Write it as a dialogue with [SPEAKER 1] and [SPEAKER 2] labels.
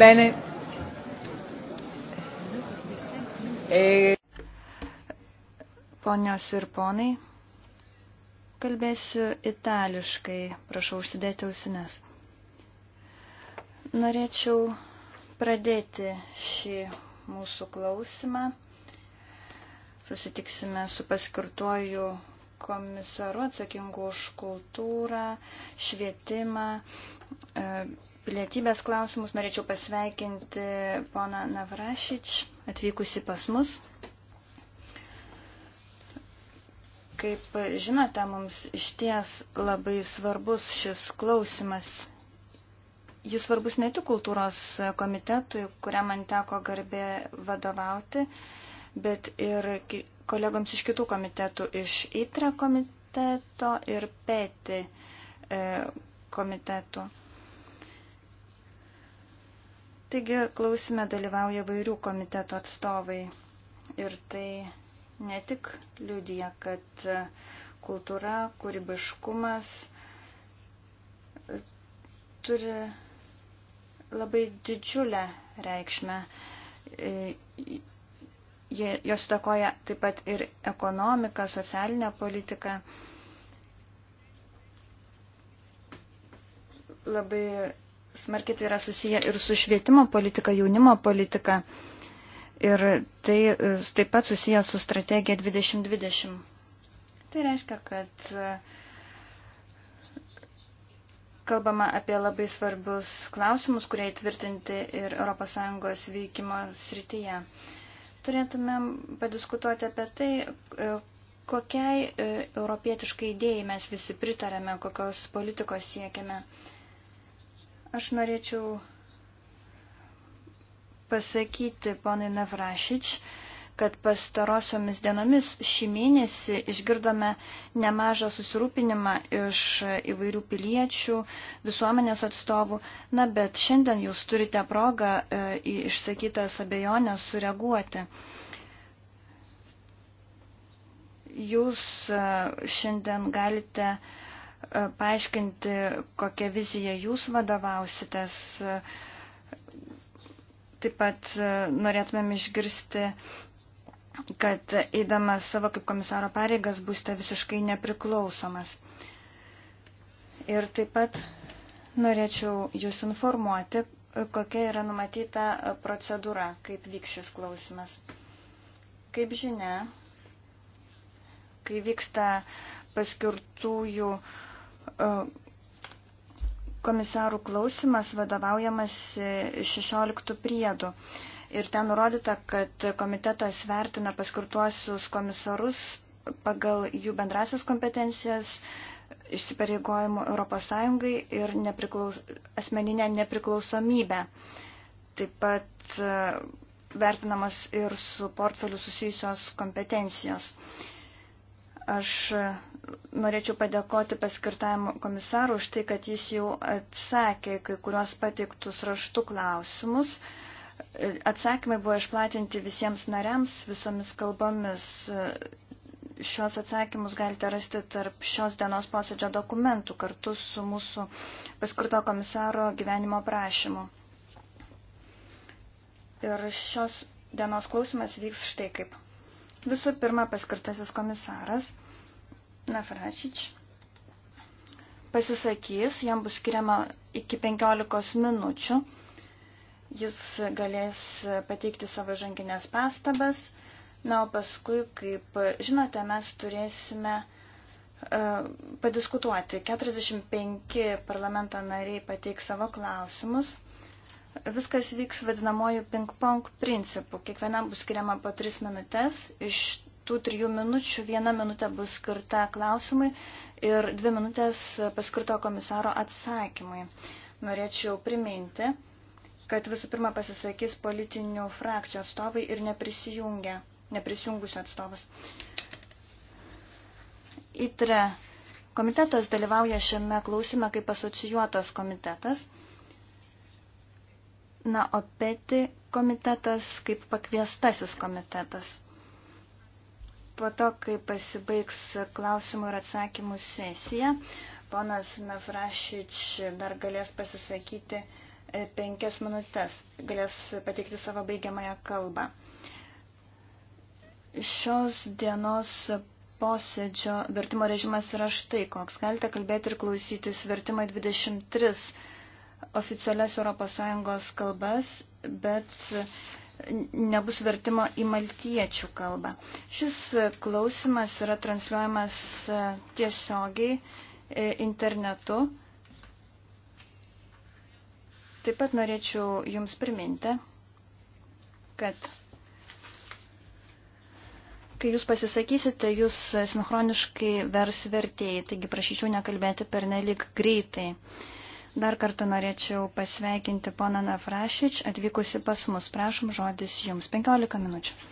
[SPEAKER 1] Bene. E... Ponios ir ponai, kalbėsiu itališkai, prašau užsidėti ausines. Norėčiau pradėti šį mūsų klausimą. Susitiksime su paskirtuoju komisaru atsakingu už kultūrą, švietimą, e, pilietybės klausimus. Norėčiau pasveikinti poną Navrašič atvykusi pas mus. Kaip žinote, mums išties labai svarbus šis klausimas. Jis svarbus ne tik kultūros komitetui, kuriam man teko garbė vadovauti, bet ir kolegoms iš kitų komitetų, iš ITRE komiteto ir PETI e, komitetų. Taigi klausime dalyvauja vairių komiteto atstovai ir tai ne tik liudija, kad e, kultūra, kūrybiškumas e, turi labai didžiulę reikšmę jos įtakoja taip pat ir ekonomiką, socialinę politiką. Labai smarkiai tai yra susiję ir su švietimo politika, jaunimo politika. Ir tai e, taip pat susiję su strategija 2020. Tai reiškia, kad e, kalbama apie labai svarbius klausimus, kurie įtvirtinti ir ES veikimo srityje. Uh, Turėtumėm padiskutuoti apie tai, e, kokiai e, europietiškai idėjai mes visi pritarėme, kokios politikos siekiame. Aš norėčiau pasakyti ponai Navrašič, kad pastarosiomis dienomis šį mėnesį išgirdome nemažą susirūpinimą iš įvairių piliečių, visuomenės atstovų. Na, bet šiandien jūs turite progą e, į išsakytas abejonės sureaguoti. Jūs e, šiandien galite e, paaiškinti, kokią viziją jūs vadovausitės. Taip pat norėtumėm išgirsti kad eidamas savo kaip komisaro pareigas būsite visiškai nepriklausomas. Ir taip pat norėčiau jūs informuoti, kokia yra numatyta procedūra, kaip vyks šis klausimas. Kaip žinia, kai vyksta paskirtųjų e, komisarų klausimas vadovaujamas 16 priedų. Ir ten nurodyta, kad komitetas vertina paskirtuosius komisarus pagal jų bendrasias kompetencijas, išsipareigojimų ES ir nepriklaus, asmeninę nepriklausomybę. Taip pat e, vertinamas ir su portfeliu susijusios kompetencijos. Aš e, norėčiau padėkoti paskirtajam komisarui už tai, kad jis jau atsakė kai kuriuos pateiktus raštų klausimus. Uh, Atsakymai buvo išplatinti visiems nariams visomis kalbomis. Šios atsakymus galite rasti tarp šios dienos posėdžio dokumentų kartu su mūsų paskirto komisaro gyvenimo prašymu. Ir šios dienos klausimas vyks štai kaip. Visų pirma, paskirtasis komisaras Nafračič pasisakys, jam bus skiriama iki 15 minučių Jis galės pateikti savo žanginės pastabas. Na, o paskui, kaip žinote, mes turėsime uh, padiskutuoti. 45 parlamento nariai pateiks savo klausimus. Viskas vyks vadinamoju ping-pong principu. Kiekvienam bus skiriama po 3 minutės. Iš tų trijų minučių viena minutė bus skirta klausimui ir dvi minutės paskirto komisaro atsakymui. Norėčiau priminti, kad visų pirma pasisakys politinių frakcijų atstovai ir neprisijungia, neprisijungusių atstovas. ITRE komitetas dalyvauja šiame klausime kaip asocijuotas komitetas. Na, o PETI komitetas kaip pakviestasis komitetas. Po to, kai pasibaigs klausimų ir atsakymų sesija, ponas Nafrašič dar galės pasisakyti uh, E, penkias minutės galės pateikti savo baigiamąją kalbą. Šios dienos posėdžio vertimo režimas yra štai koks. Galite kalbėti ir klausytis vertimą 23 oficialias ES kalbas, bet nebus vertimo į maltiečių kalbą. Šis klausimas yra transliuojamas tiesiogiai e, internetu. Taip pat norėčiau Jums priminti, kad kai Jūs pasisakysite, Jūs sinchroniškai vers vertėjai, taigi prašyčiau nekalbėti per nelik greitai. Dar kartą norėčiau pasveikinti poną Nafrašič, atvykusi pas mus. Prašom žodis Jums 15 minučių.